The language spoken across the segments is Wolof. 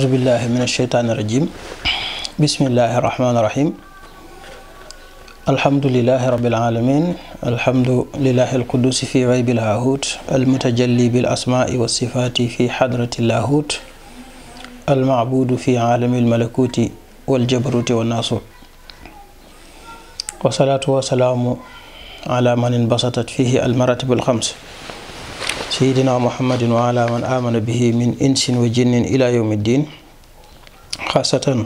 أعوذ بالله من الشيطان الرجيم بسم الله الرحمن الرحيم الحمد لله رب العالمين الحمد لله القدوس في غيب اللاهوت المتجلي بالأسماء والصفات في حضرة اللاهوت المعبود في عالم الملكوت والجبروت والناصوت والصلاة والسلام على من انبسطت فيه المراتب الخمس seydina muhammadin wa ala man amana bihi min insin wa jinnin ila yawmi ddin xaasatan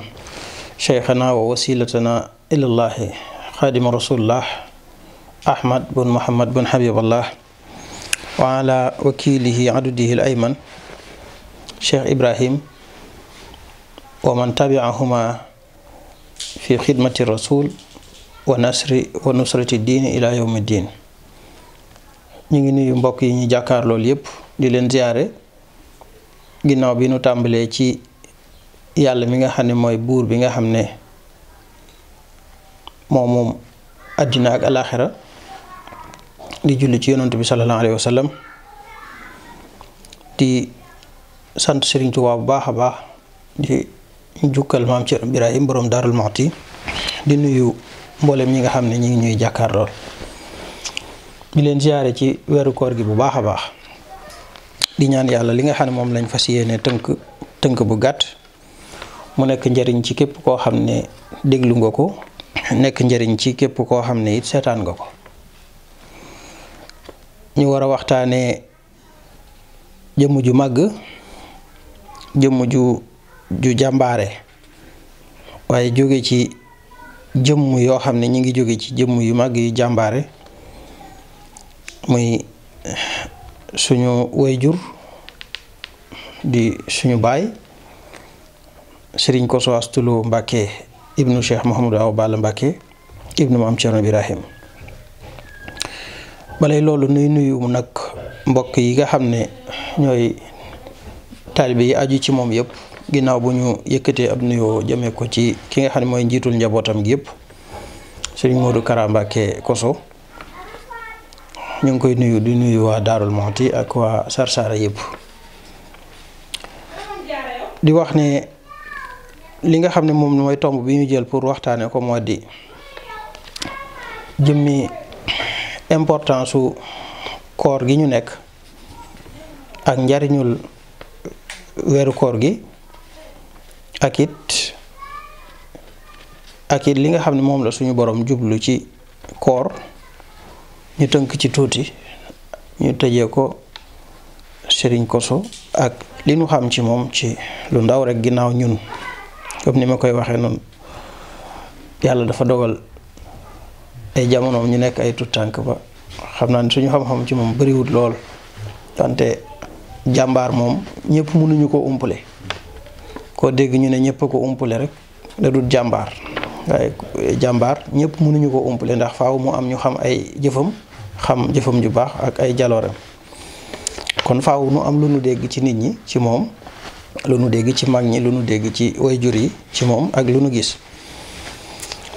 cheikhana wa wasilatana ilallahi xaadima rasulillah ahmad bun muhammad bun habiballah wa ala wakilihi adudihi l ayman cheikh ibrahim wa man tabiahuma fi xidmati rasul wa nasri wa nusrati ddin ila yawmi ddin ñu ngi nuyu mbokk yi ñuy jàkkaar lool yépp di leen ziyaare ginnaaw bi nu tàmbalee ci yàlla mi nga xam ne mooy buur bi nga xam ne moom àddina ak alaaxira di julli ci yonent bi sallallahu alayhi wa sallam di sant Sëriñ Tuubaa bu baax a baax di jukkal maam Cerno Birahim boroom Daarul Muxti di nuyu mboolem ñi nga xam ne ñi ngi ñuy jàkkaar lool di leen ziare ci weeru koor gi bu baax a baax di ñaan yàlla li nga xam ne moom lañ fas yéene tënk tënk bu gàtt mu nekk njëriñ ci képp koo xam ne déglu nga ko nekk njëriñ ci képp koo xam ne it seetaan nga ko ñu war a waxtaanee jëmm ju màgg jëmm ju ju jàmbaare waaye jóge ci jëmm yoo xam ne ñu ngi jóge ci jëmm yu màgg yu jàmbaare muy suñu wayjur di suñu baay sëriñ Koso Astou Lo Mbacke ibnu Cheikh Mouhamadou Awa Balla Mbacke ibnu Maam Cerno Ibrahim balay loolu nuy nuyu nag mbokk yi nga xam ne ñooy taalibe yi aju ci moom yëpp ginnaaw bu ñu yëkkatee ab nuyoo jëmee ko ci ki nga xam ne mooy njiitul njabootam gi yëpp sëriñ Modou Kara Mbacke Koso ñu ngi koy nuyu di nuyu waa Darou ti ak waa Sarsara yëpp di wax ne li nga xam ne moom mooy tomb bi ñu jël pour waxtaanee ko moo di jëmmi importance su koor gi ñu nekk ak njariñul weeru koor gi ak it ak li nga xam ne moom la suñu borom jublu ci koor ñu tënk ci tuuti ñu tëjee ko sëriñ Kosso ak li nu xam ci moom ci lu ndaw rek ginnaaw ñun comme ni ma koy waxee noonu yàlla dafa dogal ay jamonoom ñu nekk ay tuut tànk ba xam naa ne suñu xam-xam ci moom bariwut lool wante jàmbaar moom ñëpp mënuñu ko umpale koo dégg ñu ne ñëpp a ko umpale rek da jàmbaar waaye jàmbaar ñëpp mënuñu ko umpale ndax faw mu am ñu xam ay jëfam xam jëfam ju baax ak ay jaloore kon faw nu am lu nu dégg ci nit ñi ci moom lu nu dégg ci mag ñi lu nu dégg ci way jur yi ci moom ak lu nu gis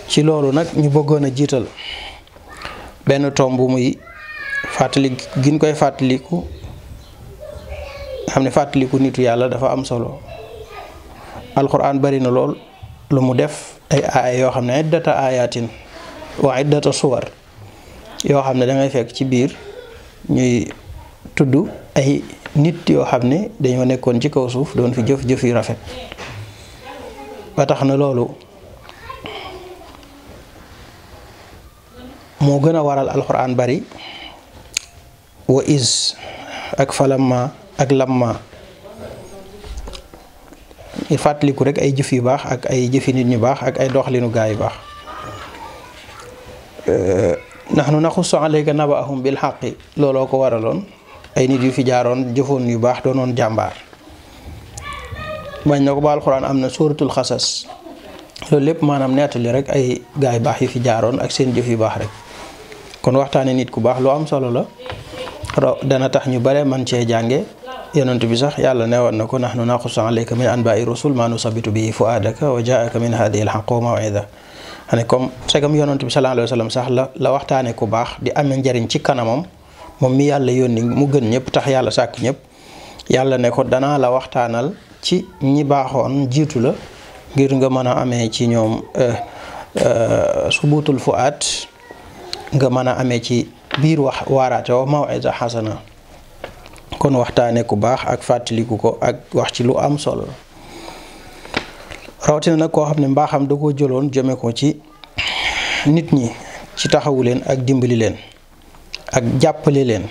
ci loolu nag ñu bëggoon a jiital benn tomb muy fàttali gin koy fàttaliku xam ne fàttaliku nitu yàlla dafa am solo alxuraan bari lool lu mu def ay aaya yoo xam ne iddata aayatin wa iddata suwar yoo xam ne dangay fekk ci biir ñuy tudd ay nit yoo xam ne dañoo nekkoon ci kaw suuf doon fi jëf jëf yu rafet ba tax na loolu moo gën a waral alxuraan bari wa is ak falamma ak lamma fàttaliku rek ay jëf yu baax ak ay jëfi nit ñu baax ak ay doxalinu gaa yu baax euh, nahnu naxussu alayka naba'ahum bil haqqi looloo ko waraloon ay nit yu fi jaaroon jëfoon yu baax doonoon jàmbaar bañ na ko ba alxuraan am na sóoratul xasas loolu lépp maanaam nettali rek ay gaa yu baax yu fi jaaroon ak seen jëf yu baax rek kon waxtaane nit ku baax lu am solo la dana tax ñu bare man cee jànge yonent bi sax yàlla newoon na ko nax nahnu naqusu alayka min anbaai rusul maa nusabitu bi fuaadaka wa jaaka min hadihi alxaq wa mawida xane comme segam yonent bi sallallahu alayhi sax la la waxtaane ku baax di amee njariñ ci kanamam moom mi yàlla yoon yónni mu gën ñëpp tax yàlla sàkk ñépp yàlla ne ko danaa la waxtaanal ci ñi baaxoon jiitu la ngir nga mën a amee ci ñoom eh, eh, subutul fuaat nga mën a amee ci biir wax waaraate wa mawida xasana kon waxtaane ku baax ak fàttaliku ko ak wax ci lu am solo rawatina nag koo xam ne mbaaxam da koo jëloon jëme ko ci nit ñi ci taxawu leen ak dimbali leen ak jàppale leen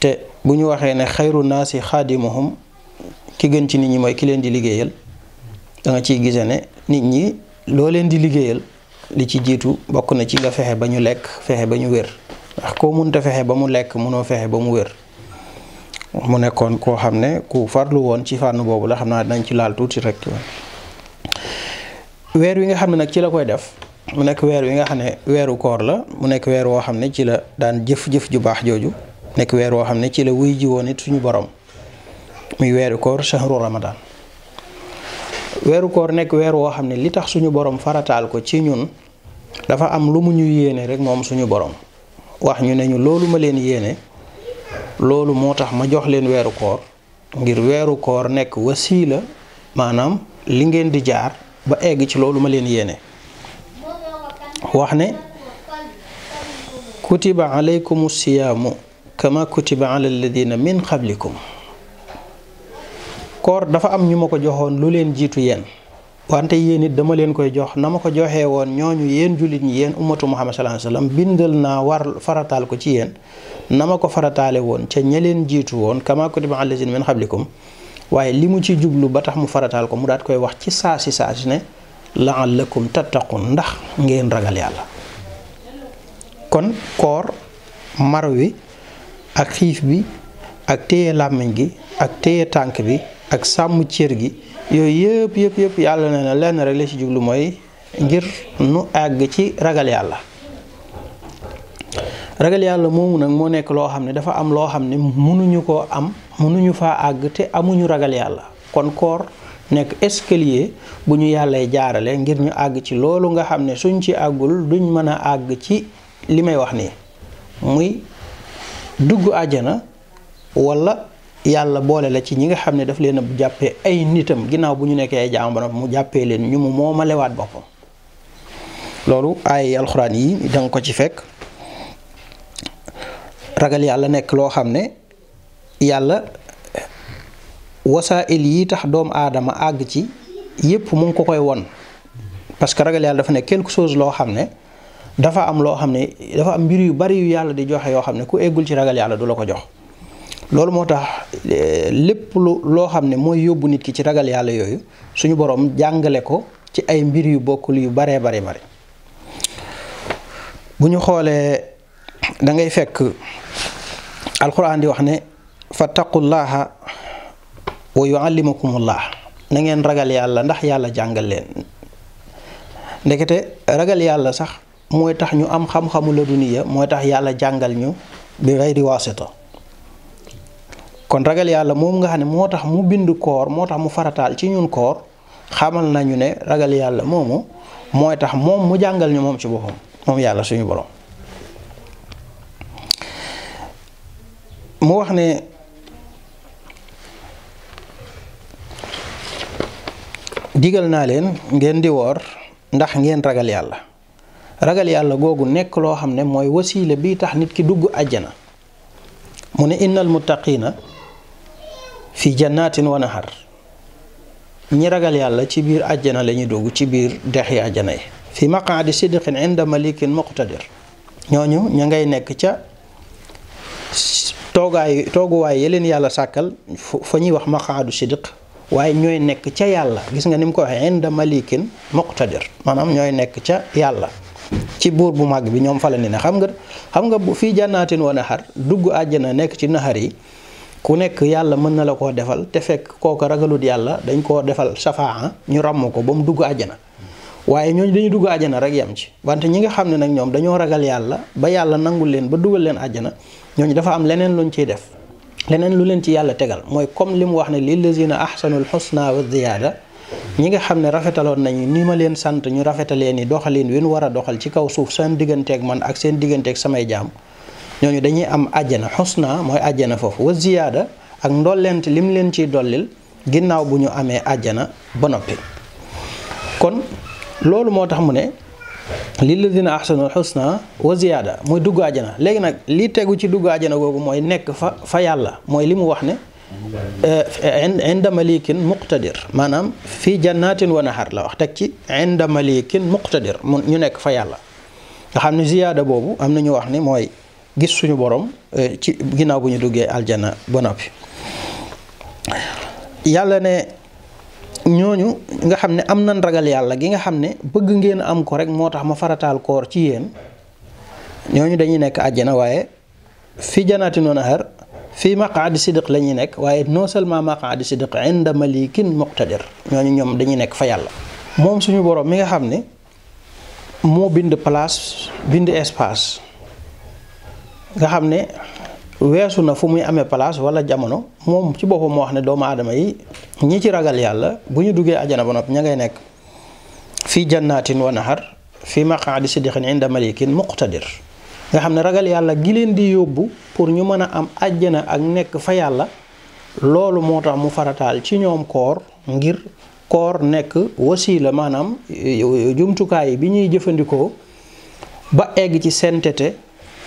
te bu ñu waxee ne xayru naasi xaadimuhum ki gën ci nit ñi mooy ki leen di liggéeyal da nga ciy gise ne nit ñi loo leen di liggéeyal li ci jiitu bokk na ci nga fexe ba ñu lekk fexe ba ñu wér ndax koo munta fexe ba mu lekk mënoo fexe ba mu wér mu nekkoon koo xam ne ku farlu woon ci fànn boobu la xam naa dinañ ci laal tuuti rek. weer wi nga xam ne nag ci la koy def mu nekk weer wi nga xam ne weeru koor la mu nekk weer woo xam ne ci la daan jëf ju baax jooju nekk weer woo xam ne ci la wuy ji woon suñu borom muy weeru koor shahru ramadan weeru koor nekk weer woo xam ne li tax suñu borom farataal ko ci ñun dafa am lu mu ñu yéene rek moom suñu boroom wax ñu ne ñu loolu ma leen yéene. loolu moo tax ma jox leen weeru koor ngir weeru koor nekk wasiila maanaam li ngeen di jaar ba egg ci loolu ma leen yéene wax ne kutiba alaykum siyaamu kama kutiba ala alladina min qablikum koor dafa am ñu ma ko joxoon lu leen jiitu yenn wante yéen it dama leen koy jox na ma ko joxee woon ñooñu yéen jullit ñi yéen ummatu muhammad sallallahu alayhi bindal naa war farataal ko ci yéen na ma ko farataale woon ca ña leen jiitu woon kama kutiba allazina min waaye li mu ci jublu ba tax mu farataal ko mu daat koy wax ci saasi saasi ne la'allakum tattaqun ndax ngeen ragal yàlla kon koor mar wi ak xiif bi ak téye làmmiñ gi ak téye tànk bi ak sàmm cër gi yooyu yëpp yëpp yëpp yàlla nee na lenn rek la ci jublu mooy ngir nu àgg ci ragal yàlla ragal yàlla moomu nag moo nekk loo xam ne dafa am loo xam ne mënuñu koo am mënuñu faa àgg te amuñu ragal yàlla kon koor nekk escalier bu ñu yàllay jaarale ngir ñu àgg ci loolu nga xam ne suñ ci àggul duñ mën a àgg ci li may wax nii muy dugg àjjana walla yàlla boole la ci ñi nga xam ne daf leen a jàppee ay nitam ginnaaw bu ñu nekkee ay jaam ba mu jàppee leen ñu mu moomalewaat boppam loolu ay yi da ko ci fekk ragal nekk loo xam ne yàlla wasaa'il yi tax doomu aadama àgg ci yépp mu ko koy won parce que ragal yàlla dafa nekk loo xam ne dafa am loo xam ne dafa am mbir yu bari yu yàlla di joxe yoo xam ne ku eggul ci ragal yàlla du la ko jox loolu moo tax eh, lépp lu loo xam ne mooy yóbbu nit ki ci ragal yàlla yooyu suñu boroom jàngale ko ci ay mbir yu bokkul yu baree bare bari bu ñu xoolee dangay fekk alxuraan di wax ne fa fattaqullaha wa yuallimukumullah na ngeen ragal yàlla ndax yàlla jàngal leen ndekete ragal yàlla sax mooy tax ñu am xam-xamu la duniya mooy tax yàlla jàngal ñu bi gayri wasita kon ragal yàlla moom nga xam ne moo tax mu bind koor moo tax mu farataal ci ñun koor xamal nañu ne ragal yàlla moomu mooy tax moom mu jàngal ñu moom ci boppam moom yàlla suñu borom mu wax ne digal naa leen ngeen di woor ndax ngeen ragal yàlla ragal yàlla googu nekk loo xam ne mooy wasiile bi tax nit ki dugg àjjana mu ne innal na fi jannatin wa nahar ñi ragal yàlla ci biir àjjana la ñuy dugg ci biir dexi àjjana yi fi maqaadi sidqin inda malikin muqtadir ñooñu ña ngay nekk ca toogaay tooguwaay yeleen yàlla sàkkal fa ñuy wax maqaadu sidq waaye ñooy nekk ca yàlla gis nga ni ko waxee inda malikin muqtadir maanaam ñooy nekk ca yàlla ci buur bu màgg bi ñoom fa la ne xam nga xam nga bu fii jànnaatin wa nahar dugg àjjana nekk ci naxar yi ku nekk yàlla mën na la koo defal te fekk kooka ragalut yàlla dañ koo defal safaa ñu ràmm ko ba mu dugg àjjana waaye ñooñu dañu dugg àjjana rek yem ci wante ñi nga xam ne nag ñoom dañoo ragal yàlla ba yàlla nangul leen ba dugal leen àjjana ñooñu dafa am leneen lu luñ ciy def leneen lu leen ci yàlla tegal mooy comme li mu wax ne lillazina ahsanul husna wa ziyaada ñi nga xam ne rafetaloon nañu ni ma leen sant ñu rafetalee ni doxalin wi nu war a doxal ci kaw suuf seen digganteeg man ak seen digganteeg samay jaam ñooñu dañuy am ajana xusna mooy àjjana foofu wa ziyaada ak ndollent lim leen ciy dollil ginnaaw bu ñu amee àjjana ba noppi kon loolu moo tax mu ne lilladina ahsanul xusna wa ziyaada muy dugg ajana léegi nag li tegu ci dugg àjjana googu mooy nekk fa fa yàlla mooy li mu wax ne eh, inda malikin muqtadir maanaam fii jannatin wa nahar la wax teg ci inda malikin muqtadir mu ñu nekk fa yàlla nga xam ne ziyaada boobu am na ñu wax ni mooy gis suñu borom eh, ci ginnaaw bu ñu duggee aljana ba noppi yàlla ne ñooñu nga xam ne am na ragal yàlla gi nga xam ne bëgg ngeen am ko rek moo tax ma farataal koor ci yéen ñooñu dañuy nekk àjjana waaye fi janaatin wa nahar fii maqaadi siddiq la ñuy nekk waaye non seulement maqaadi siddiq inda malikin muqtadir ñooñu ñoom dañuy nekk fa yàlla moom suñu boroom mi nga xam ne moo bind place bind espace nga xam ne weesu na fu muy amee place wala jamono moom ci boppam moo wax ne doomu aadama yi ñi ci ragal yàlla bu ñu duggee ajana ba noppi ña ngay nekk fii jannatin wa nahar fii maqaadi sidixin inda malikin muqtadir nga xam ne ragal yàlla gi leen di yóbbu pour ñu mën a am ajjana ak nekk fa yàlla loolu moo tax mu farataal ci ñoom koor ngir koor nekk wasiila maanaam jumtukaay bi ñuy jëfandikoo ba egg ci sainteté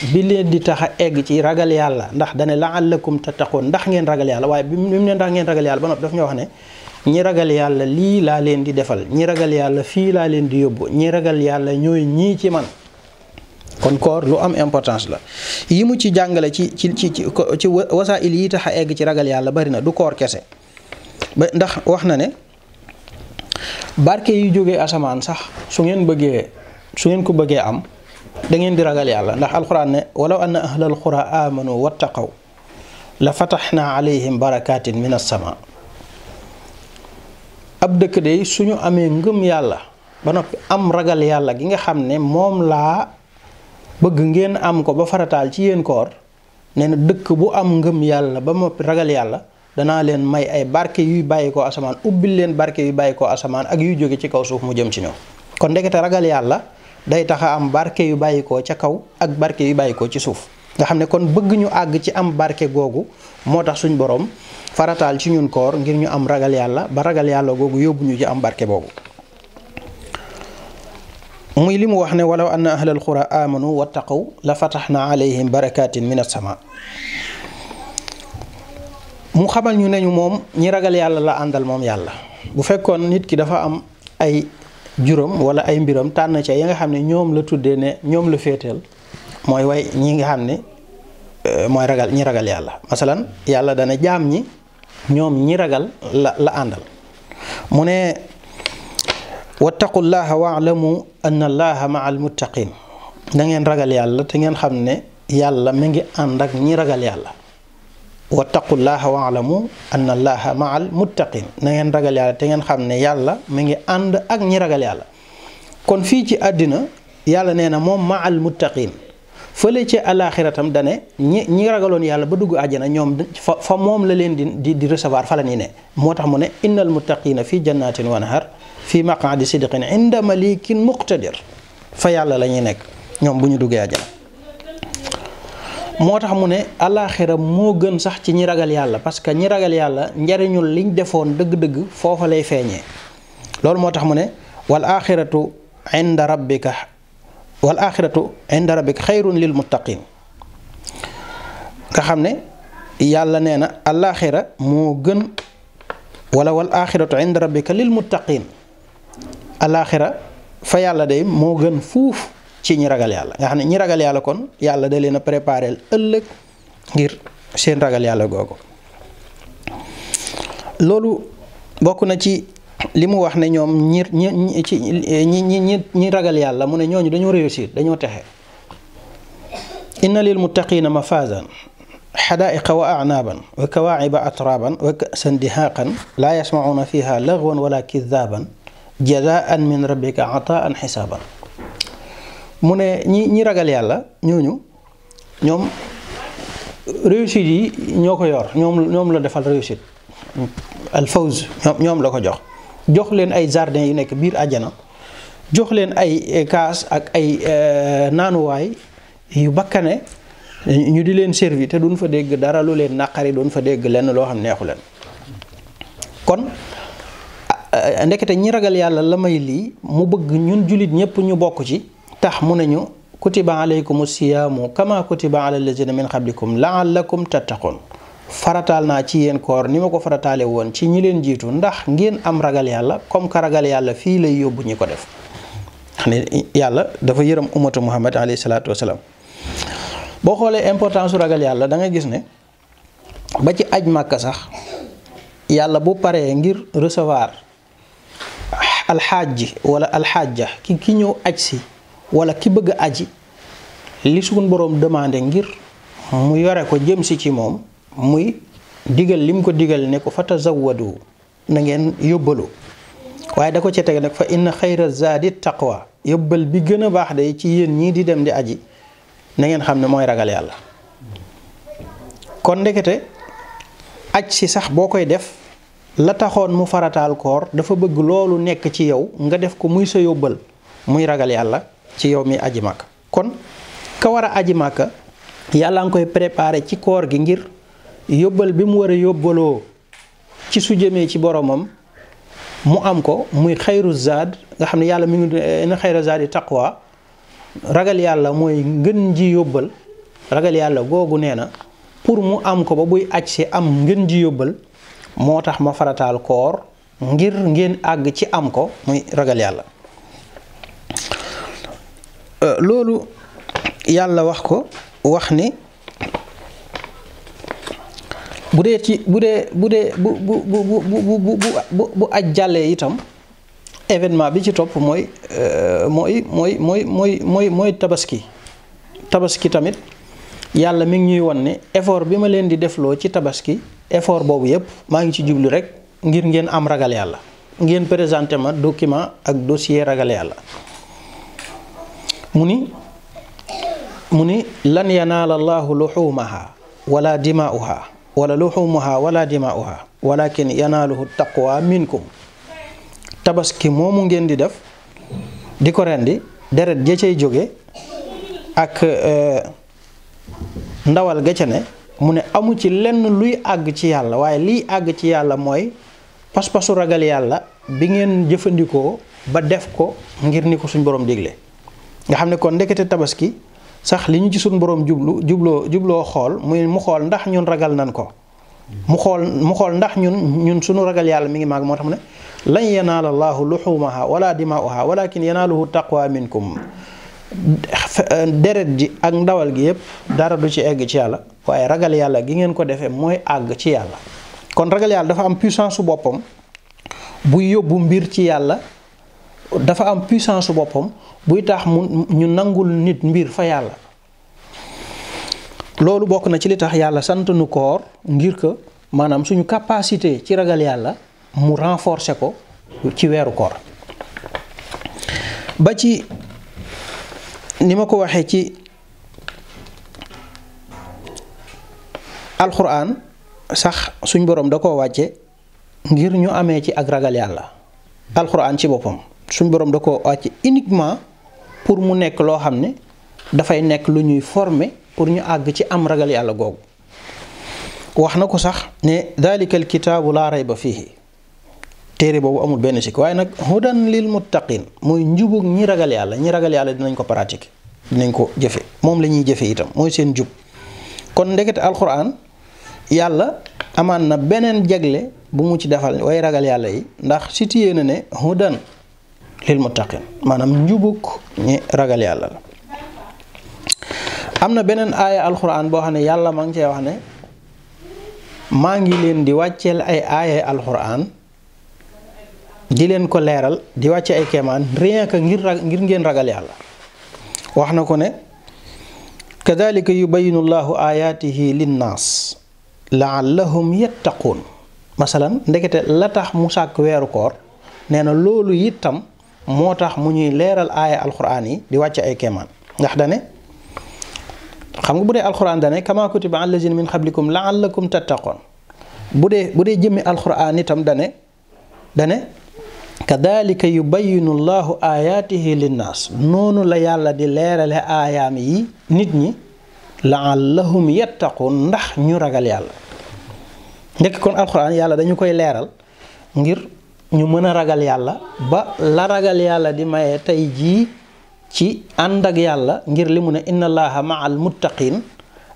bi leen di tax a egg ci ragal yàlla ndax dane laallakum tattaqoon ndax ngeen ragal yàlla waaye bi mu ne ndax ngeen ragal yàlla ba noppi daf ñu wax ne ñi ragal yàlla lii laa leen di defal ñi ragal yàlla fii laa leen di yóbbu ñi ragal yàlla ñooy ñii ci man kon koor lu am importance la yi mu ci jàngale ci ci ci ci wasaa'il yi tax a egg ci ragal yàlla bari na du koor kese ba ndax wax na ne barke yi jógee asamaan sax su ngeen bëggee su ngeen ko bëggee am da ngeen di ragal yàlla ndax alxuraan ne walaw anna ahlal qura amanu wattaqaw la fataxna alayhim barakatin min assama ab dëkk de suñu amee ngëm yàlla ba noppi am ragal yàlla gi nga xam ne moom laa bëgg ngeen am ko ba farataal ci yéen koor nee na dëkk bu am ngëm yàlla ba noppi ragal yàlla danaa leen may ay barke yuy bàyyi ko asamaan ubbil leen barke yuy bàyyi ko asamaan ak yuy jóge ci kaw suuf mu jëm ci ñëw kon ndekete ragal yàlla day tax a am barke yu bàyyikoo ca kaw ak barke yu bàyyikoo ci suuf nga xam ne kon bëgg ñu àgg ci am barke googu moo tax suñ boroom farataal ci ñun koor ngir ñu am ragal yàlla ba ragal yàlla googu yóbbu ñu ci am barke boobu muy li mu wax ne walaw anna ahlal qura amanu wattaqaw la fataxna alayhim barakatin min as-sama mu xamal ñu ne ñu moom ñi ragal yàlla la àndal moom yàlla bu fekkoon nit ki dafa am ay juróom wala ay mbiram tànn ca yi nga xam ne ñoom la tuddee ne ñoom la féeteel mooy way ñi nga xam ne euh, mooy ragal ñi ragal yàlla masalan yàlla dana jaam ñi ñoom ñi ragal la la àndal mu ne wattaqullaha waalamu anna allaha maa almuttaqin da ngeen ragal yàlla te ngeen xam ne yàlla mi ngi ànd ak ñi ragal yàlla wattaqullaha waalamu anna allaha maal muttaqin na ngeen ragal yàlla te ngeen xam ne yàlla mu ngi ànd ak ñi ragal yàlla kon fii ci àddina yàlla nee na moom maal muttaqin fële ci alaxiratam dane ñi ñi ragaloon yàlla ba dugg àjjana ñoom fa moom la leen di di recevoir fa la ni ne moo tax mu ne innal muttaqina fii jannatin wa nahar fii maqaadi sidqin inda malikin muqtadir fa yàlla la ñuy nekk ñoom bu ñu duggee àjjana moo tax mu ne alaaxira moo gën sax ci ñi ragal yàlla parce que ñi ragal yàlla njariñul liñ defoon dëgg-dëgg foofa lay feeñee loolu moo tax mu ne wal axiratu inda rabbika wal axiratu inda rabbika xayrun lil muttaqin nga xam ne yàlla nee na alaaxira moo gën wala wal axiratu inda rabbika lil muttaqin alaaxira fa yàlla day moo gën fuuf ci ñi ragal yàlla nga xam ne ñi ragal yàlla kon yàlla day leen a préparé ëllëg ngir seen ragal yàlla googu loolu bokk na ci li mu wax ne ñoom ñi ñi ñi ñi ragal yàlla mu ne ñooñu dañoo réussir dañoo texe inna lil muttaqina mafazan xadaaiqa wa anaaban wa kawaaciba atraaban wa kasan dihaaqan laa yasmacuuna fiha lagwan wala kidaaban jazaan min rabbika ataan xisaaban mu ne ñi ñi ragal yàlla ñooñu ñoom réussit yi ñoo ko yor ñoom ñoom la defal réussite alfawz ñoom la ko jox jox leen ay jardin yu nekk biir àjjana jox leen ay eh, kaas ak ay eh, naanuwaay yu bakkane ñu di leen servi te duñ fa dégg dara lu leen naqari duñ fa dégg lenn loo xam neexu leen kon ndekete ñi ragal yàlla la may lii mu bëgg ñun jullit ñëpp ñu bokk ci tax mu nañu kutiba alaykum siyaamu kama kutiba ala lazina min xablikum laallakum tattaqun farataal naa ci yéen koor ni ma ko farataale woon ci ñi leen jiitu ndax ngeen am ragal yàlla comme ka ragal yàlla fii lay yóbbu ñi ko def yàlla dafa yërëm umatu muhammad alayhi salaatu wasalaam boo xoolee importance su ragal yàlla da ngay gis ne ba ci aj màkka sax yàlla bu paree ngir recevoir alxaaj ji wala alxaaja ki ki ñëw aj si wala ki bëgg aji li suñ borom demandé ngir mu yore ko jëm si ci moom muy digal lim ko digal ne ko fatazawwadu na ngeen yóbbalu waaye da ko ci teg nag fa inna xayra zaadi taqwa yóbbal bi gën a baax day ci yéen ñii di dem di aji nangeen xam ne mooy ragal yàlla kon ndekete aj si sax boo koy def la taxoon mu farataal koor dafa bëgg loolu nekk ci yow nga def ko muy sa yóbbal muy ragal yàlla ci yow mi aji màkk kon ka war a aji màkka yàlla nga koy préparé ci koor gi ngir yóbbal bi mu war a yóbbaloo ci su jëmee ci boromam mu am ko muy xayru zaad nga xam ne yàlla mu ngi eh, na xayru zaad yi taqwa ragal yàlla mooy ngën ji yóbbal ragal yàlla googu nee na pour mu am ko ba buy aj si am ngën ji yóbbal moo tax ma farataal koor ngir ngeen àgg ci am ko muy ragal yàlla loolu yàlla wax ko wax ni bu dee ci bu dee bu dee bu bu bu bu bu bu aj jàllee itam événement bi ci topp mooy mooy mooy mooy mooy mooy mooy tabaski tabaski tamit yàlla mi ngi ñuy won ne effort bi ma leen di defloo ci tabaski effort boobu yépp maa ngi ci jublu rek ngir ngeen am ragal yàlla ngeen présenté ma document ak dossier ragal yàlla mu ni mu ni lan yanaala allahu luxuumaha wala dimaa'uha wala luxuumuha wala dimaa'uha walakin yanaaluhu taqwa minkum tabaski moomu ngeen di def di ko rendi deret ja cay jóge ak eh, ndawal ga ca ne mu ne amu ci lenn luy àgg ci yàlla waaye liy àgg ci yàlla mooy pas-pasu ragal yàlla bi ngeen jëfandikoo ba def ko ngir ni ko suñ borom dégle nga xam ne kon ndekete tabaski sax li ñu ci suñu boroom jublu jubloo jubloo xool muy mu xool ndax ñun ragal nan ko mu xool mu xool ndax ñun ñun suñu ragal yàlla mi ngi maag moo tax mu ne lan yanaala allaahu luxuumaha wala dimaauha walakin yanaaluhu taqwa minkum deret ji ak ndawal gi yëpp dara du ci egg ci yàlla waaye ragal yàlla gi ngeen ko defee mooy àgg ci yàlla kon ragal yàlla dafa am puissance su boppam bu yóbbu mbir ci yàlla dafa am puissance su boppam buy tax mu ñu nangul nit mbir fa yàlla loolu bokk na ci li tax yàlla sant nu koor ngir que maanaam suñu capacité ci ragal yàlla mu renforcer ko ci weeru koor ba ci ni ma ko waxee ci alxuraan sax suñu boroom da koo wàcce ngir ñu amee ci ak ragal yàlla alxuraan ci boppam suñu borom da ko wàcc uniquement pour mu nekk loo xam ne dafay nekk lu ñuy former pour ñu àgg ci am ragal yàlla googu wax na ko sax ne dalika al kitaabu laa ba fiihi téere boobu amul benn sikk waaye nag hudan lil muttaqin mooy njubug ñi ragal yàlla ñi ragal yàlla dinañ ko pratiquer dinañ ko jëfe moom la ñuy jëfe itam mooy seen jub kon ndekete alquran yàlla amaan na beneen jagle bu mu ci defal way ragal yàlla yi ndax situé na ne hudan lil muttaqin maanaam njubug ñi ragal yàlla la am na beneen aaya alxuraan boo xam ne yàlla ma ngi cee wax ne maa ngi leen di wàcceel ay aaya alxuraan di leen ko leeral di wàcce ay kemaan rien ngir ngeen ragal yàlla wax na ko ne kadalika yubayinu llahu ayaatihi linnaas laallahum yattaquun masalan ndekete la tax mu sàkk weeru koor nee na loolu itam moo tax mu ñuy leeral aaya alxuraan yi di wàcc ay keemaan ndax dane xam nga bu dee alxuraan dane kama kutiba allazina min xablikum laallakum tattaqoon bu dee bu dee jëmmi alxuraan itam dane dane kadalika yubayinu llahu ayatihi linnaas noonu la yàlla di leerale aayaam yi nit ñi la laallahum yattaqoon ndax ñu ragal yàlla ndekk kon alxuraan yàlla dañu koy leeral ngir ñu mën a ragal yàlla ba la ragal yàlla di maye tey jii ci ànd ak yàlla ngir li mu ne inna allaha ma'al muttaqin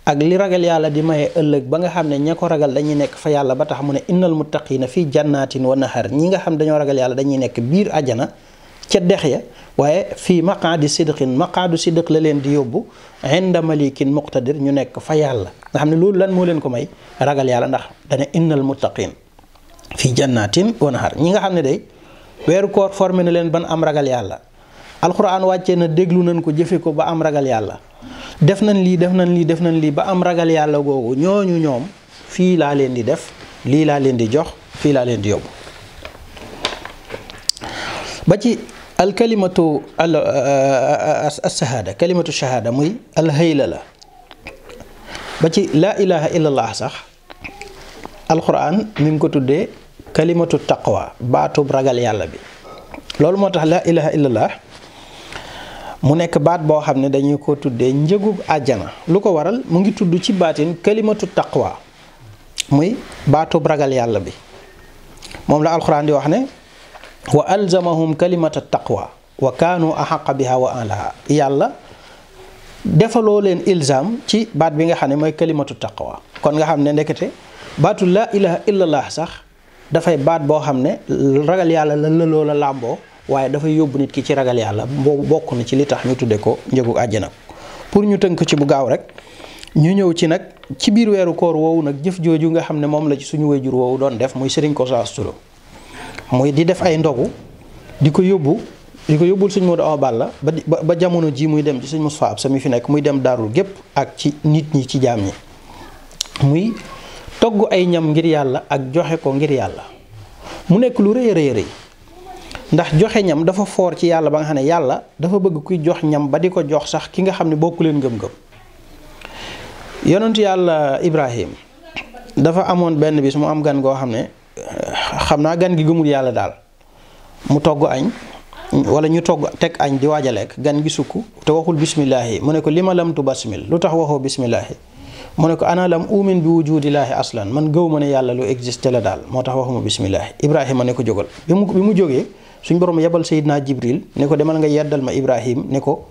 ak li ragal yàlla di maye ëllëg ba nga xam ne ña ko ragal dañuy nekk fa yàlla ba tax mu ne innal muttaqina fii jannatin wa nahar ñi nga xam dañoo ragal yàlla dañuy nekk biir ajana ca dex ya waaye fii maqaadi sidqin maqaadu sidq la leen di yóbbu inda malikin muqtadir ñu nekk fa yàlla nga xam ne loolu lan moo leen ko may ragal yàlla ndax dana innal muttaqin fi jannatin wa nahar ñi nga xam ne day weeru koor formé na leen ban am ragal yàlla alxuraan wàccee na déglu nañ ko jëfe ko ba am ragal yàlla def nañ lii def nañ lii def nañ lii ba am ragal yàlla googu ñu ñoom fii laa leen di def lii laa leen di jox fii laa leen di yóbbu ba ci al kalimatu uh, uh, uh, al kalimatu shahaada muy al la ba ci laa ilaha illallah sax alxuraan mi ngi ko tuddee kalimatu taqwa baatub ragal yàlla bi loolu moo tax la ilaha illallah mu nekk baat boo xam ne dañuy ko tuddee njëgub àjjana lu ko waral mu ngi tudd ci baatin kalimatu taqwa muy baatub ragal yàlla bi moom la alxuraan di wax ne wa alzamahum kalimatu taqwa wa kaanu axaqa biha wa alaha yàlla defaloo leen ilzam ci baat bi nga xam ne mooy kalimatu taqwa kon nga xam ne ndekete baatu la ilaha illallah sax dafay baat boo xam ne ragal yàlla la lëloo la làmboo waaye dafay yóbbu nit ki ci ragal yàlla boobu bokk na ci li tax ñu tudde ko njëgu àjjana pour ñu tënk ci bu gaaw rek ñu ñëw ci nag ci biir weeru koor woowu nag jëf jooju nga xam ne moom la ci suñu wayjur woowu doon def muy sëriñ ko saastulo muy di def ay ndogu di ko yóbbu di ko yóbbul suñ Modou Awa Balla ba ba jamono ji muy dem ci suñ Moustapha Absa mi fi nekk muy dem daarul gépp ak ci nit ñi ci jaam ñi togg ay ñam ngir yàlla ak joxe ko ngir yàlla mu nekk lu rëy rëy rëy ndax joxe ñam dafa foor ci yàlla ba nga xam ne yàlla dafa bëgg kuy jox ñam ba di ko jox sax ki nga xam ne bokk leen gëm ngëm yonentu yàlla Ibrahim dafa amoon benn bis mu am gan goo xam ne xam naa gan gi gëmul yàlla daal mu togg añ wala ñu togg teg añ di waaj a lekk gan gi sukk te waxul bismillaahi mu ne ko li ma lamtu basmil lu tax waxoo bismillaahi mu ne ko ana lam umin bi wujudillaahi aslan man gëw ma ne yàlla lu existé la daal moo tax waxuma bismillaahi ibrahima ne ko jógal bi mu bi mu jógee suñ borom yebal sayidna jibril ne ko demal nga yeddal ma ibrahim ne ko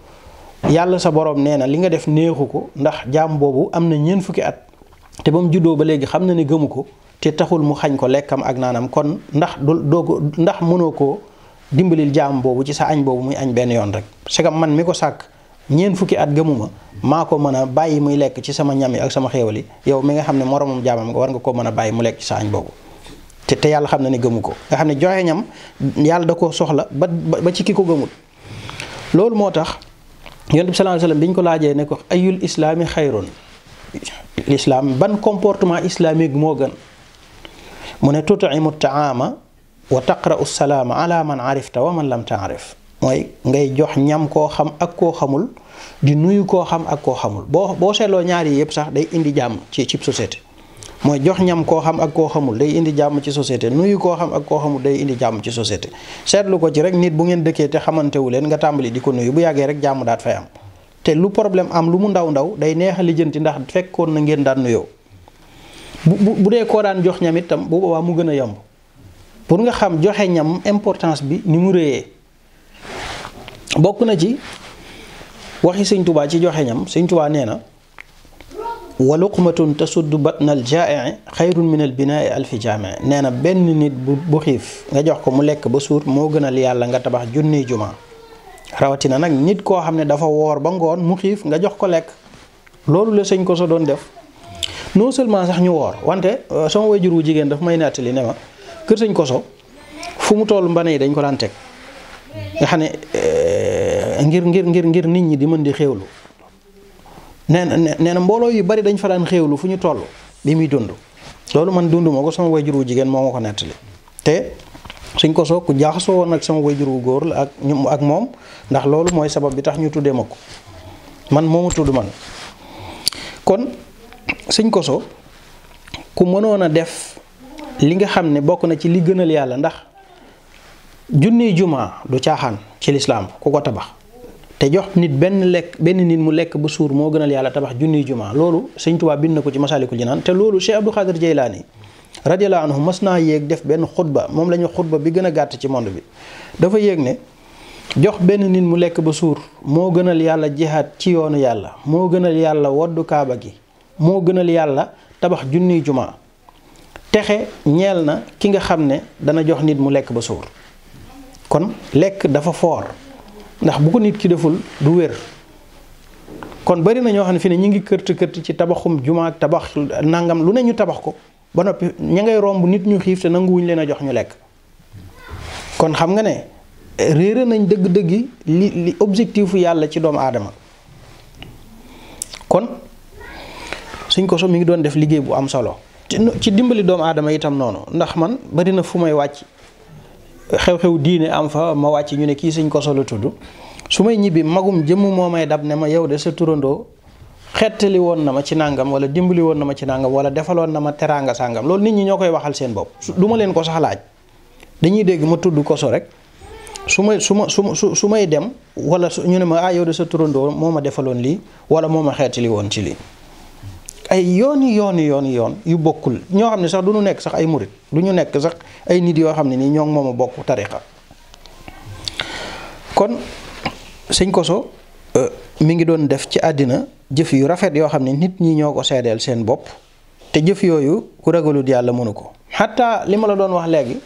yàlla sa boroom nee na li nga def neexu ko ndax jaam boobu am na ñeent fukki at te ba mu juddoo ba léegi xam na ne gëmu ko te taxul mu xañ ko lekkam ak naanam kon ndax du doo ko ndax mënoo koo dimbalil jaam boobu ci sa añ boobu muy añ benn yoon rek man mi ko sàkk ñeent fukki at gëmuma maa ko mën a bàyyi muy lekk ci sama ñam yi ak sama xéewal yow mi nga xam ne moromam jaamam nga war nga ko mën a bàyyi mu lekk ci sa añ boobu te te yàlla xam na ne gëmu ko nga xam ne joxe ñam yàlla da koo soxla ba ba ci ki ko gëmul loolu moo tax yonent bi sallallahu alayhi ko laajee ne ko ayul islaami xayrun islaam ban comportement islamique moo gën mu ne tutimu taama wa u salaama ala man arifta wa man lam taarif mooy ngay jox ñam koo xam ak koo xamul di nuyu koo xam ak koo xamul boo boo seetloo ñaar yi yëpp sax day indi jàmm ci ci société mooy jox ñam koo xam ak koo xamul day indi jàmm ci société nuyu koo xam ak koo xamul day indi jàmm ci société seetlu ko ci rek nit bu ngeen dëkkee te xamantewu leen nga tàmbali di ko nuyu bu yàggee rek jàmm daat fay am te lu problème am lu mu ndaw ndaw day neex a lijjanti ndax fekkoon na ngeen daan nuyoo bu bu dee koo daan jox ñam itam bu boobaa mu gën a yomb pour nga xam joxe ñam importance bi ni mu rëyee bokk na ci waxi sëñ tubaa ci joxe ñam tubaa nee na wa luqmatun tasuddu batna al jaai xayrun min al binaai alfi jaamee nee na benn nit bu xiif nga jox ko mu lekk ba suur moo gënal yàlla nga tabax junniy jumaa rawatina nag nit koo xam ne dafa woor ba ngoon mu xiif nga jox ko lekk loolu la sëñ ko sa doon def non seulement sax ñu woor wante euh, sama wajur wu jigéen daf may nettali ne ma kër sëñ koso fu mu toll mbane yi dañ ko daan teg nga xam ne euh, ngir ngir ngir ngir nit ñi di mën di xewlu nee na mbooloo yu bari dañ fa daan xéewlu fu ñu toll bi muy dund loolu man dund ma ko sama wayjur wu jigéen moo ma te suñ ko soo ku jaaxasoo woon nag sama wayjur góor la ak ñu ak moom ndax loolu mooy sabab bi tax ñu tuddee ma ko man moomu tudd man kon suñ koso ku mënoon a def li nga xam ne bokk na ci li gënal yàlla ndax junniy jumaa du caaxaan ci lislaam ku ko tabax te jox nit benn lekk benn nit mu lekk ba suur moo gënal yàlla tabax junniy jumaa loolu sëñ Tuubaa bind na ko ci Masaalikul Jinaan te loolu Cheikh Abdou Khadir Jeylaani radiyallaahu anhu mas naa yéeg def benn xutba moom la ñu xutba bi gën a gàtt ci monde bi dafa yéeg ne jox benn nit mu lekk ba suur moo gënal yàlla jeexaat ci yoonu yàlla moo gënal yàlla woddu kaaba gi moo gënal yàlla tabax junniy jumaa texe ñeel na ki nga xam ne dana jox nit mu lekk ba suur kon dafa foor ndax bu ko nit ki deful du wér kon bari na ñoo xam ne fi ne ñu ngi kërt kërt ci tabaxum jumaa ak tabax nangam lu ne ñu tabax ko ba noppi ña ngay romb nit ñu xiif te nanguwuñ leen a jox ñu lekk kon xam nga ne réere nañ dëgg-dëggi li li objectifu yàlla ci doomu aadama kon suñ ko so mi ngi doon def liggéey bu am solo ci dimbali doomu aadama itam noonu ndax man bari na fu may wàcc xew-xew diine am fa ma wàcc ñu ne kii sëñ Koso la tudd su may ñibbi magum jëmm moo may dab ne ma yow de sa turandoo xettali woon na ma ci nangam wala dimbali woon na ma ci nangam wala defaloon na ma teraanga sàngam loolu nit ñi ñoo koy waxal seen bopp duma leen ko sax dañuy dégg ma tudd Koso rek su may su ma su su may dem wala ñu ne ma ah yow de sa turandoo moo ma defaloon lii wala moo ma xettali woon ci lii. ay yooni yoon yoon yoon yu bokkul ñoo xam ne sax du ñu nekk sax ay murit du ñu nekk sax ay nit yoo xam ne nii ñoo ngi moom a kon sëñ Koso euh, mi ngi doon def ci àddina jëf yu rafet yoo xam ne nit ñi ñoo ko seedeel seen bopp te jëf yooyu ku ragalut yàlla mënu ko xataa li ma la doon wax léegi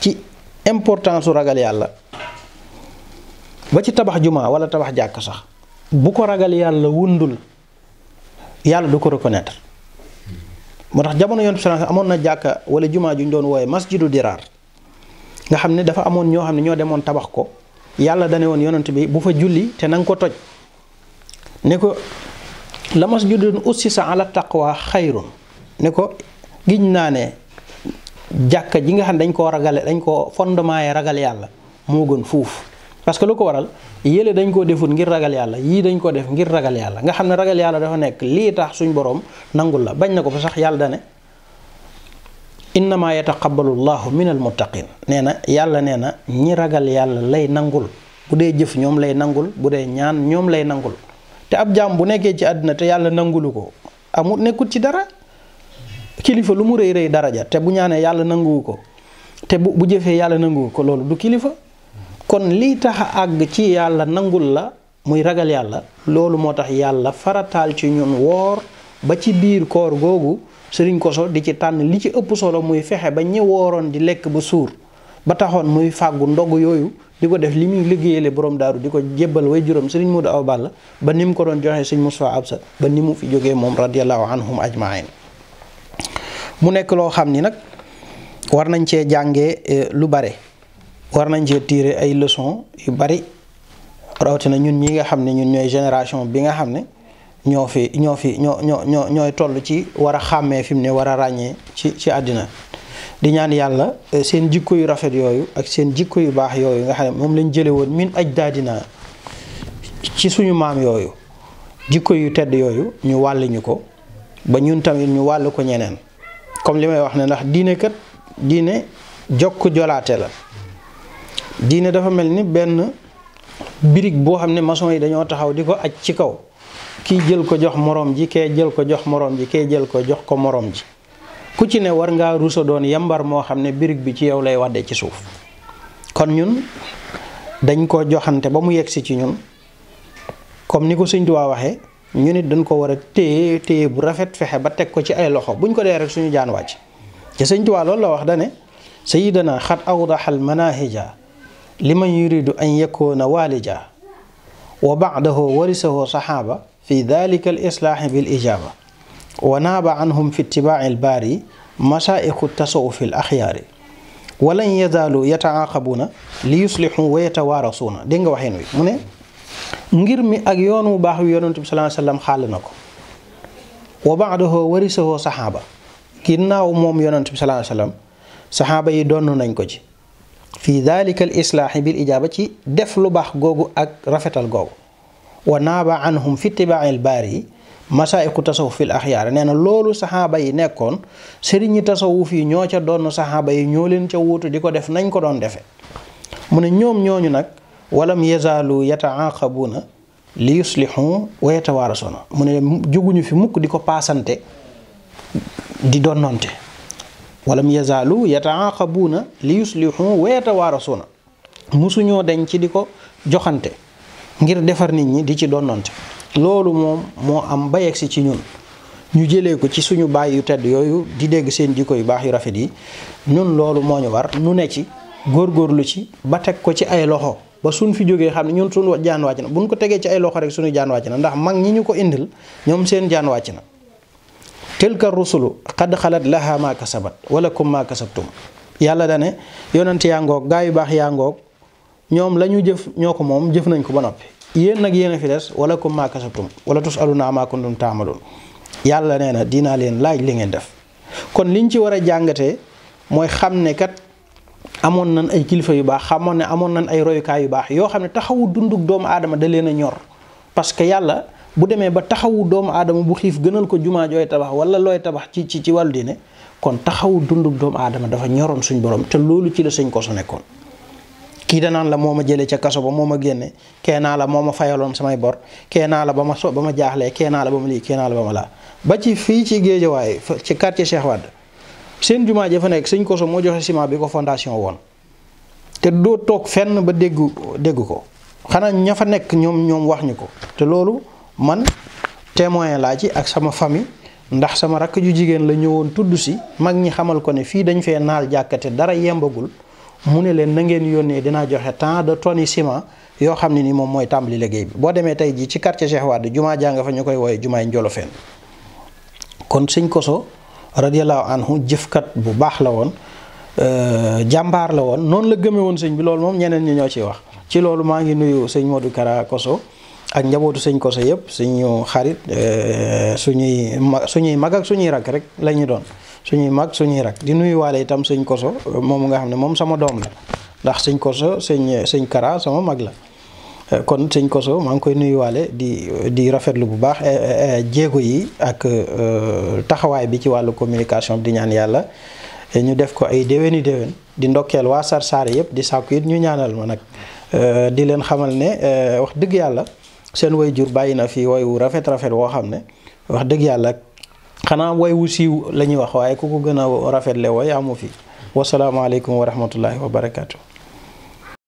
ci importance su ragal yàlla ba ci tabax jumaa wala tabax jàkk sax bu ko ragal yàlla wundul yàlla du ko reconnaître moo tax jamono yonent bi amoon na jàkka wala jumaa ju ñu doon wooye masjidu diraar nga xam ne dafa amoon ñoo xam ne ñoo demoon tabax ko yàlla dane woon yonant bi bu fa julli te na nga ko toj ne ko la masjidun ussisa ala taqwa xayrun ne ko giñ naa ne jàkka ji nga xam ne dañ koo ragale dañ koo fondement yi ragal yàlla moo gën fuuf parce que lu ko waral yële dañ koo defut ngir ragal yàlla yii dañ koo def ngir ragal yàlla nga xam ne ragal yàlla dafa nekk lii tax suñu borom nangul la bañ na ko fa sax yàlla dane innama yataqabbalu llahu min al muttaqin nee na yàlla nee na ñi ragal yàlla lay nangul bu dee jëf ñoom lay nangul bu dee ñaan ñoom lay nangul te ab jàmm bu nekkee ci àddina te yàlla nangulu ko amul nekkut ci dara kilifa lu mu rëy rëy daraja te bu ñaanee yàlla nanguwu ko te bu bu jëfee yàlla nanguwu ko loolu du kilifa kon lii tax a àgg ci yàlla nangul la muy ragal yàlla loolu moo tax yàlla farataal ci ñun woor ba ci biir koor googu sëriñ koso di ci tànn li ci ëpp solo muy fexe ba ñi wooroon di lekk ba suur ba taxoon muy fàggu ndog yooyu di ko def li muy liggéeyale borom daaru di ko jébbal way juróom sëriñ Modou Awa bàll ba ni mu ko doon joxe sëriñ Moustapha Absa ba ni mu fi jógee moom radiallahu anhum ajmain mu nekk loo xam ni nag war nañ cee jànge eh, lu bare war nañ cee tirer ay leçons yu bari rawatina ñun ñi nga xam ne ñun ñooy génération bi nga xam ne ñoo fi ñoo fi ñoo ñoo ñoo ñooy toll ci war a xàmmee fi mu ne war a ràññee ci ci àddina di ñaan yàlla eh, seen jikko yu rafet yooyu ak seen jikko yu baax yooyu nga xam ne moom lañ jële woon min aj daadina ci suñu maam yooyu jikko yu tedd yooyu ñu wàll ko ba ñun tamit ñu wàll ko ñeneen comme li may wax ne ndax diine kat diine jokk jolaate la diine dafa mel ni benn birig boo xam ne mason yi dañoo taxaw di ko aj ci kaw kii jël ko jox moroom ji kee jël ko jox moroom ji kee jël ko jox ko moroom ji ku ci ne war ngaa rusa doon yambar moo xam ne birig bi ci yow lay wadde ci suuf kon ñun dañ ko joxante ba mu yegsi ci ñun comme ni ko Sëñ Tuubaa waxee ñu nit dañ ko war a téye téye bu rafet fexe ba teg ko ci ay loxo buñ ko dee rek suñu jaan wàcc ci Sëñ Tuubaa loolu la wax dane sayidana xat awdaxal manahija liman yuridu an yakuna walija wa bacdahu warisahu saxaaba fi dalika al islaaxi ijaaba wa anhum fi itibaaci albaari masaa'iqu tasawufi al axyaari walan yazaalu yataaqabuuna li wa yatawaarasuuna dégg nga waxeen wi mu ne ngir mi ak yoon wu baax wi yonent bi salaa na ko wa bacdahu warisahoo saxaaba ginnaaw moom yonent bi salaa saxaaba yi donn nañ ko ci fi dalika al islaaxi bil ijaaba ci def lubaax googu ak rafetal googu wa naaba anhum fi tibaail baari yi masaa'iqu tasawuf fil axyaar nee na loolu saxaaba yi nekkoon sëriñi tasawu yi ñoo ca doon saxaaba yi ñoo leen ca wuutu di ko def nañ ko doon defe mu ne ñoom ñooñu nag walam yazaalu yataaqabuuna li yuslixu wa yatawaarasuuna mu ne juguñu fi mukk di ko paasante di donnoonte wala walam yazaalu yataaqabuuna li yuslihu wa yatawaarasuuna musuñoo dañ ci di ko joxante ngir defar nit ñi di ci donnante loolu moom moo am ba yegsi ci ñun ñu jële ko ci suñu baay yu tedd yooyu di dégg seen jikko yu baax yu rafet yi ñun loolu moo ñu war nu ne ci góorgóorlu ci ba teg ko ci ay loxo ba sunu fi jógee xam ne ñun suñu jaan wàcc na buñ ko tegee ci ay loxo rek suñu jaan wàcc na ndax mag ñi ñu ko indil ñoom seen jaan wàcc na tilka rusulu xad xalat laha ma kasabat wala kum ma kasabtum yàlla dane yonent yaa ngoog gaa yu baax yaa ngoog ñoom la ñu jëf ñoo ko moom jëf nañ ko ba noppi yéen nag yéen a fi des wala kum ma kasabtum wala tusaluna ma kuntum taamaloon yàlla nee na dinaa leen laaj li ngeen def kon liñ ci war a jàngatee mooy xam ne kat amoon nañ ay kilifa yu baax xamoon ne amoon nañ ay royukaay yu baax yoo xam ne taxawu dunduk doomu aadama da leen a ñor bu demee ba taxawu doomu aadama bu xiif gënal ko jumaa jooy tabax wala looy tabax ci ci ci wàllu diine kon taxawu dundu doomu aadama dafa ñoroon suñ borom te loolu ci la sëñ Kosso nekkoon kii naan la moo ma jëlee ca kaso ba moo ma génne kee la moo ma fayaloon samay bor kee la ba ma so ba ma jaaxlee kee la ba ma lii kee naa la ba ma laa ba ci fii ci Géejawaay ci quartier Cheikh Wade seen jumaa ja fa nekk sëñ Kosso moo joxe ciment bi ko fondation woon te doo toog fenn ba dégg dégg ko xanaa ña fa nekk ñoom ñoom wax ñu ko te loolu man témoin laa ci ak sama famille ndax sama rakk yu jigéen la ñëwoon tudd si mag ñi xamal ko ne fii dañ fee naal jàkkate dara yembagul mu ne leen na ngeen yónnee dinaa joxe temps de tonnes ciment yoo xam ne ni moom mooy tàmbali léggéey bi boo demee tey jii ci quartier Cheikh Wade jumaa jàng fa ñu koy wooye jumaay Njolofeen kon sëñ Koso radiallahu anhu jëfkat bu baax la woon euh, jàmbaar la woon noonu la gëme woon sëñ bi loolu moom ñeneen ñi ñoo ciy wax ci loolu maa ngi nuyu sëñ Modou Kara Koso ak njabootu sëñ Koso yëpp suñu xarit eh, suñuy ma suñuy mag ak suñuy rak rek la ñu doon suñuy mag suñuy rak di nuyuwaale itam sëñ Koso moom nga xam ne moom sama doom la ndax sëñ Koso sëñ sëñ Kara sama mag la. Eh, kon sëñ Koso maa ngi koy nuyuwaale di di rafetlu bu baax eh, jéego yi ak taxawaay bi ci wàllu communication bi di ñaan yàlla ñu def ko ay déwéni déwén di ndokkeel waa Sarsara yëpp di sàkku it ñu ñaanal ma nag di leen xamal ne wax dëgg yàlla. seen way jur bàyyi na fi woy wu rafet rafet woo xam ne wax dëgg yàlla xanaa way wu siiw la ñuy wax waaye ku ko gën a rafetle way amu fi wasalaamaaleykum wa rahmatullahi wa barakaatu.